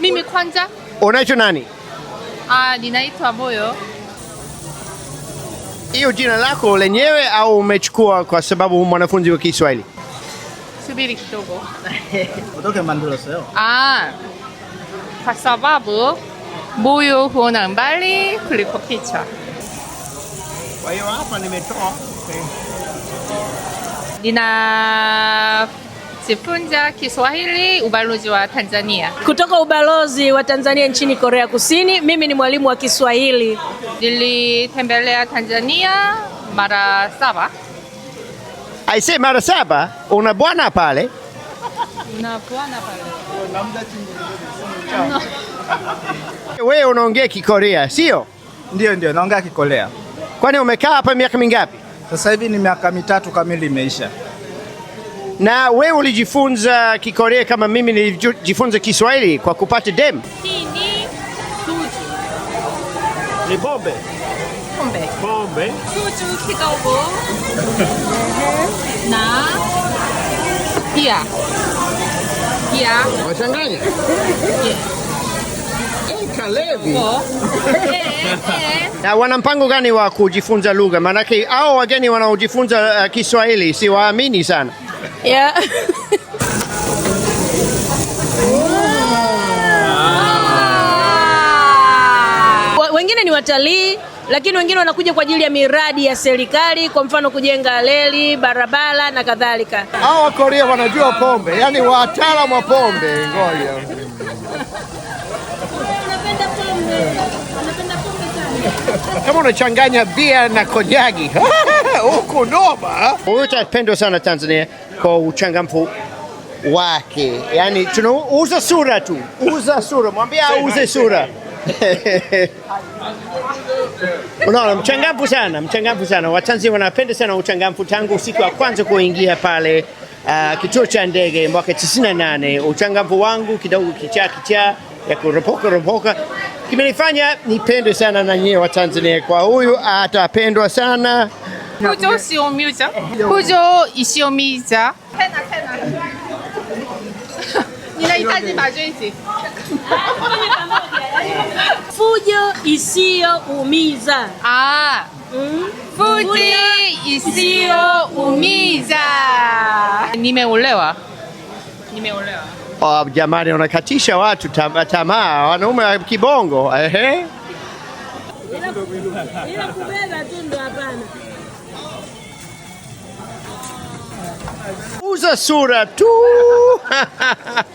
Mimi kwanza. Unaitwa nani? Ah, ninaitwa Moyo. Hiyo jina lako lenyewe au umechukua kwa sababu mwanafunzi wa Kiswahili? Subiri kidogo. Kutoka sio? Ah. Kwa sababu moyo huona mbali kuliko kichwa. Kwa hiyo hapa nimetoa. Okay. Nina kujifunza Kiswahili ubalozi wa Tanzania. Kutoka ubalozi wa Tanzania nchini Korea Kusini, mimi ni mwalimu wa Kiswahili. Nilitembelea Tanzania mara saba. Aise, mara saba? Una bwana pale? Una bwana pale. Wewe unaongea Kikorea, sio? Ndio, ndio, naongea Kikorea. Kwani umekaa hapa miaka mingapi? Sasa hivi ni miaka mitatu kamili imeisha. Na wewe ulijifunza Kikorea kama mimi nilijifunza Kiswahili kwa kupata dem? Si, Ni Ni bombe. Bombe. Bombe. Suju kidogo. Mhm. Na pia. Pia. Wachanganya. Yes. Kalevi. Oh. Na wana mpango gani wa kujifunza lugha? Maanake hao wageni wanaojifunza uh, Kiswahili si waamini sana. Yeah. Ah. Wengine ni watalii lakini wengine wanakuja kwa ajili ya miradi ya serikali, kwa mfano kujenga reli, barabara na kadhalika. Hawa Korea wanajua pombe, yani wataalamu wa pombe. Ngoja kama unachanganya bia na konyagi huku oh, noma. Huyu tapendwa sana Tanzania kwa uchangamfu wake, yani tunauza sura tu, uza sura, mwambia auze sura. Unaona, mchangamfu sana, mchangamfu sana. Watanzania wanapenda sana uchangamfu tangu siku ya kwanza kuingia pale Uh, kituo cha ndege mwaka 98, uchangamfu wangu kidogo kichaa kichaa ya kuropoka ropoka kimenifanya nipendwe sana na nyewe wa Tanzania. Kwa huyu atapendwa sana. Kujo siomiza. Kujo isiomiza. Tena tena. Ninahitaji majonzi. Fujo isiyoumiza. Ah. Mm. Fujo isiyoumiza. Nimeolewa. Nimeolewa. Oh, jamani unakatisha watu tamaa tama, wanaume wa kibongo ehe. Uza sura tu